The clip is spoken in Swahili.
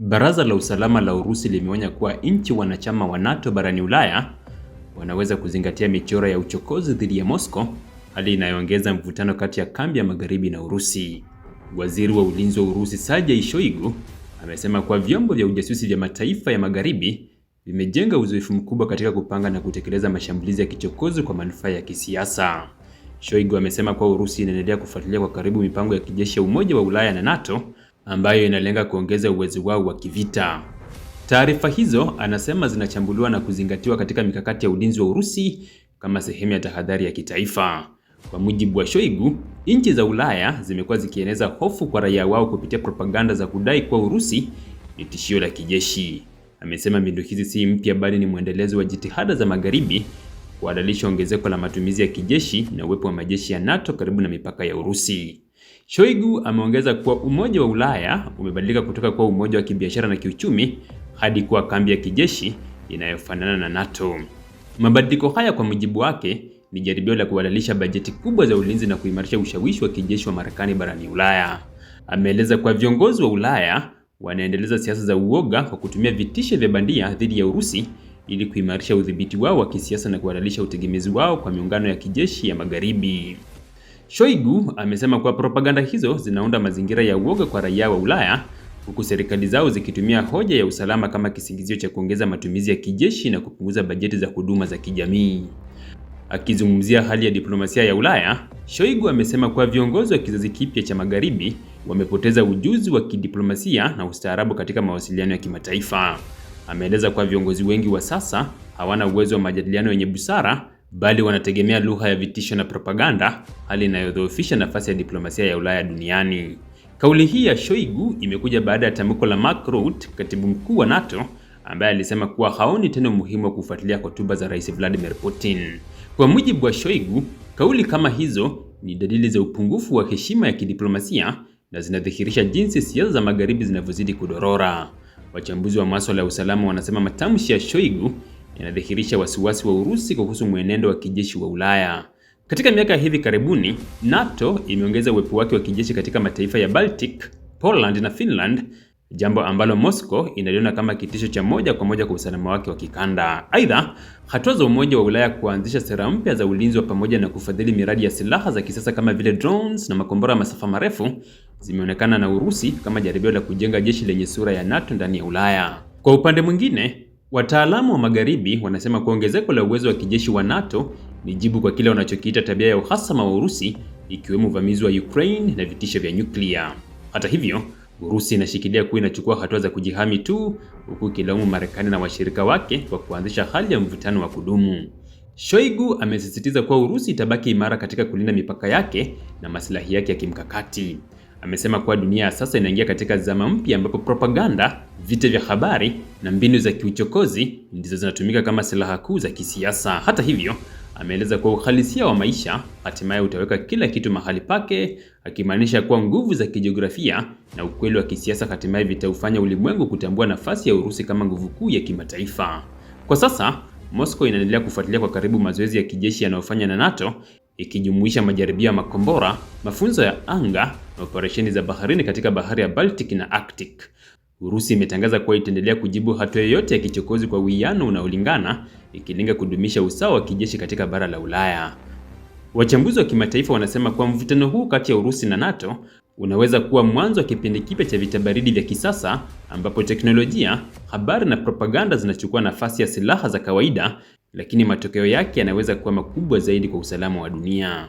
Baraza la Usalama la Urusi limeonya kuwa nchi wanachama wa NATO barani Ulaya wanaweza kuzingatia michoro ya uchokozi dhidi ya Moscow, hali inayoongeza mvutano kati ya kambi ya Magharibi na Urusi. Waziri wa Ulinzi wa Urusi, Sergei Shoigu, amesema kuwa vyombo vya ujasusi vya mataifa ya Magharibi vimejenga uzoefu mkubwa katika kupanga na kutekeleza mashambulizi ya kichokozi kwa manufaa ya kisiasa. Shoigu amesema kuwa Urusi inaendelea kufuatilia kwa karibu mipango ya kijeshi ya Umoja wa Ulaya na NATO ambayo inalenga kuongeza uwezo wao wa kivita. Taarifa hizo anasema zinachambuliwa na kuzingatiwa katika mikakati ya ulinzi wa Urusi kama sehemu ya tahadhari ya kitaifa. Kwa mujibu wa Shoigu, nchi za Ulaya zimekuwa zikieneza hofu kwa raia wao kupitia propaganda za kudai kuwa Urusi ni tishio la kijeshi. Amesema mbinu hizi si mpya bali ni mwendelezo wa jitihada za magharibi kuhalalisha ongezeko la matumizi ya kijeshi na uwepo wa majeshi ya NATO karibu na mipaka ya Urusi. Shoigu ameongeza kuwa Umoja wa Ulaya umebadilika kutoka kuwa umoja wa kibiashara na kiuchumi hadi kuwa kambi ya kijeshi inayofanana na NATO. Mabadiliko haya kwa mujibu wake ni jaribio la kuhalalisha bajeti kubwa za ulinzi na kuimarisha ushawishi wa kijeshi wa Marekani barani Ulaya. Ameeleza kuwa viongozi wa Ulaya wanaendeleza siasa za uoga kwa kutumia vitisho vya bandia dhidi ya Urusi ili kuimarisha udhibiti wao wa kisiasa na kuhalalisha utegemezi wao kwa miungano ya kijeshi ya Magharibi. Shoigu amesema kuwa propaganda hizo zinaunda mazingira ya uoga kwa raia wa Ulaya huku serikali zao zikitumia hoja ya usalama kama kisingizio cha kuongeza matumizi ya kijeshi na kupunguza bajeti za huduma za kijamii. Akizungumzia hali ya diplomasia ya Ulaya, Shoigu amesema kuwa viongozi wa kizazi kipya cha magharibi wamepoteza ujuzi wa kidiplomasia na ustaarabu katika mawasiliano ya kimataifa. Ameeleza kuwa viongozi wengi wa sasa hawana uwezo wa majadiliano yenye busara bali wanategemea lugha ya vitisho na propaganda, hali inayodhoofisha nafasi ya diplomasia ya Ulaya duniani. Kauli hii ya Shoigu imekuja baada ya tamko la Mark Rutte, katibu mkuu wa NATO, ambaye alisema kuwa haoni tena umuhimu wa kufuatilia hotuba za Rais Vladimir Putin. Kwa mujibu wa Shoigu, kauli kama hizo ni dalili za upungufu wa heshima ya kidiplomasia na zinadhihirisha jinsi siasa za magharibi zinavyozidi kudorora. Wachambuzi wa masuala ya usalama wanasema matamshi ya Shoigu yanadhihirisha wasiwasi wa Urusi kuhusu mwenendo wa kijeshi wa Ulaya. Katika miaka ya hivi karibuni, NATO imeongeza uwepo wake wa kijeshi katika mataifa ya Baltic, Poland na Finland, jambo ambalo Moscow inaliona kama kitisho cha moja kwa moja kwa usalama wake wa kikanda. Aidha, hatua za Umoja wa Ulaya kuanzisha sera mpya za ulinzi wa pamoja na kufadhili miradi ya silaha za kisasa kama vile drones na makombora ya masafa marefu zimeonekana na Urusi kama jaribio la kujenga jeshi lenye sura ya NATO ndani ya Ulaya. Kwa upande mwingine Wataalamu wa Magharibi wanasema kuwa ongezeko la uwezo wa kijeshi wa NATO ni jibu kwa kile wanachokiita tabia ya uhasama wa Urusi, ikiwemo uvamizi wa Ukraine na vitisho vya nyuklia. Hata hivyo, Urusi inashikilia kuwa inachukua hatua za kujihami tu, huku ikilaumu Marekani na washirika wake kwa kuanzisha hali ya mvutano wa kudumu. Shoigu amesisitiza kuwa Urusi itabaki imara katika kulinda mipaka yake na maslahi yake ya kimkakati. Amesema kuwa dunia ya sasa inaingia katika zama mpya ambapo propaganda Vita vya habari na mbinu za kiuchokozi ndizo zinatumika kama silaha kuu za kisiasa. Hata hivyo, ameeleza kuwa uhalisia wa maisha hatimaye utaweka kila kitu mahali pake, akimaanisha kuwa nguvu za kijiografia na ukweli wa kisiasa hatimaye vitaufanya ulimwengu kutambua nafasi ya Urusi kama nguvu kuu ya kimataifa. Kwa sasa, Moscow inaendelea kufuatilia kwa karibu mazoezi ya kijeshi yanayofanywa na NATO ikijumuisha majaribio ya makombora, mafunzo ya anga na operesheni za baharini katika bahari ya Baltic na Arctic. Urusi imetangaza kuwa itaendelea kujibu hatua yoyote ya kichokozi kwa wiano unaolingana ikilenga kudumisha usawa wa kijeshi katika bara la Ulaya. Wachambuzi wa kimataifa wanasema kuwa mvutano huu kati ya Urusi na NATO unaweza kuwa mwanzo wa kipindi kipya cha vita baridi vya kisasa ambapo teknolojia, habari na propaganda zinachukua nafasi ya silaha za kawaida, lakini matokeo yake yanaweza kuwa makubwa zaidi kwa usalama wa dunia.